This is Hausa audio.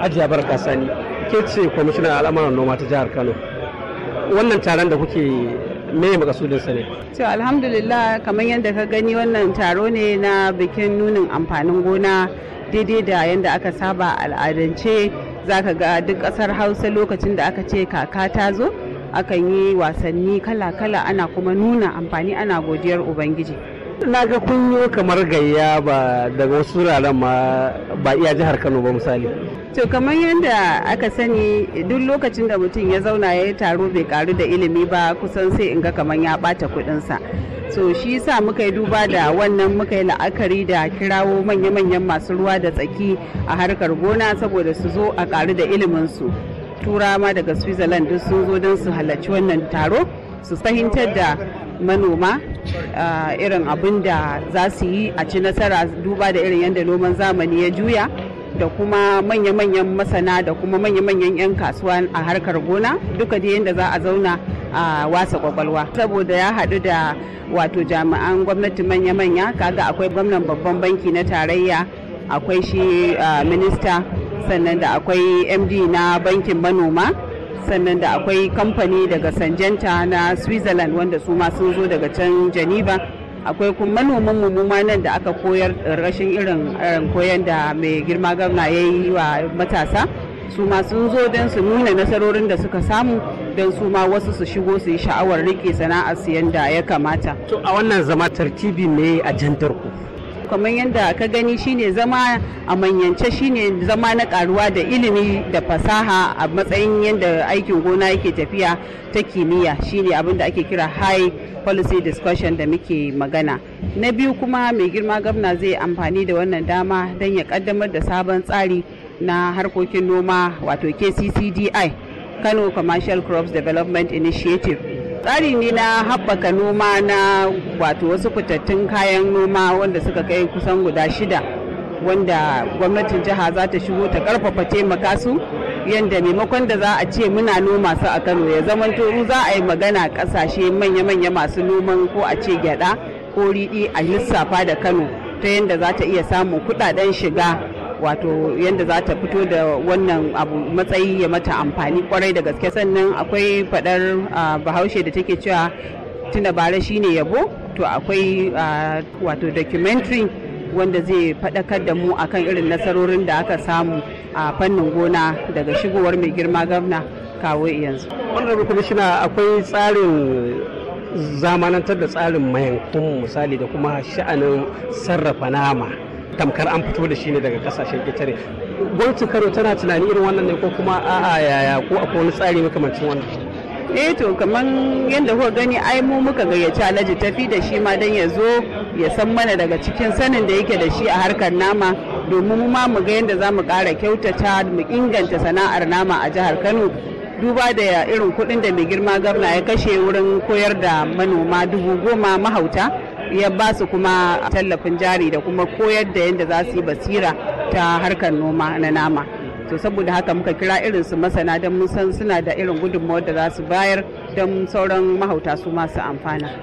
ajiya barka sani ke ce kwamishinan al'amuran noma ta jihar kano wannan taron da kuke me ya makasudin sa ne to alhamdulillah kamar yadda ka gani wannan taro ne na bikin nunin amfanin gona daidai da yadda aka saba al'adance zaka ga duk kasar hausa lokacin da aka ce kaka ta zo akan yi wasanni kala-kala ana kuma nuna amfani ana godiyar ubangiji na ga kun yi kamar gayya ba daga wasu wuraren ma ba iya jihar kano ba misali to kamar yadda aka sani duk lokacin da mutum ya zauna ya yi taro bai karu da ilimi ba kusan sai in ga kamar ya bata kudinsa so shi sa muka yi duba da wannan muka yi la'akari da kirawo manya-manyan masu ruwa da tsaki a harkar gona saboda su zo a karu da iliminsu tura ma daga switzerland duk sun zo don su halarci wannan taro su fahimtar da manoma Eh, irin abin da za su yi a ci nasara duba da irin yadda noman zamani ya juya da kuma manya-manyan masana da kuma manya-manyan 'yan kasuwa a harkar gona duka da yadda za a zauna a wasa kwakwalwa saboda ya haɗu da wato jami'an gwamnati manya-manya kaga akwai gwamnan babban banki na tarayya akwai shi eh, minista sannan da akwai md na bankin manoma sannan da akwai kamfani daga sanjanta na switzerland wanda su ma sun zo daga can geneva akwai kuma manoman mu nan da aka koyar rashin irin koyan da mai girma gama ya yi wa matasa su ma sun zo don su nuna nasarorin da suka samu don su ma wasu su shigo su yi sha'awar rike sana'ar siyan da ya kamata to a wannan zama tartibi ne a jantar ku kamar yadda ka gani shine zama a manyance shine zama na karuwa da ilimi da fasaha a matsayin yadda aikin gona yake tafiya ta kimiyya shine abin da ake kira high policy discussion da muke magana na biyu kuma mai girma gwamna zai amfani da wannan dama don ya kaddamar da sabon tsari na harkokin noma wato kccdi kano commercial crops development initiative tsari ne na haɓaka noma na wato wasu fitattun kayan noma wanda suka kai kusan guda shida wanda gwamnatin jiha za ta shigo ta karfafa taimaka su yadda maimakon da za a ce muna noma su a kano ya zaman toru za a yi magana ƙasashe manya-manya masu noman ko a ce gyada ko riɗi a lissafa da kano ta yadda za ta iya samun kuɗaɗen shiga wato yadda za ta fito da wannan abu matsayi ya mata amfani kwarai da gaske sannan akwai fadar bahaushe da take cewa tuna bara shine yabo to akwai wato documentary wanda zai faɗakar da mu akan irin nasarorin da aka samu a fannin gona daga shigowar mai girma gamna kawo yanzu. shina akwai tsarin zamanantar da tsarin mayankun misali da kuma sha'anin sarrafa nama tamkar an fito da shi ne daga kasashen ƙetare gwamnatin kano tana tunani irin wannan ne ko kuma a'a yaya ko a wani tsari makamancin wannan eh to kamar yadda kuka gani ai mu muka gayyaci alhaji tafi da shi ma dan ya zo ya san mana daga cikin sanin da yake da shi a harkar nama domin mu ma mu ga yadda za mu ƙara kyautata mu inganta sana'ar nama a jihar kano duba da irin kuɗin da mai girma gwamna ya kashe wurin koyar da manoma dubu goma mahauta ya ba su kuma tallafin jari da kuma koyar da yadda za su yi basira ta harkar noma na nama to saboda haka muka kira irin su masana don mun san suna da irin gudunmawar da za su bayar don sauran mahauta su masu amfana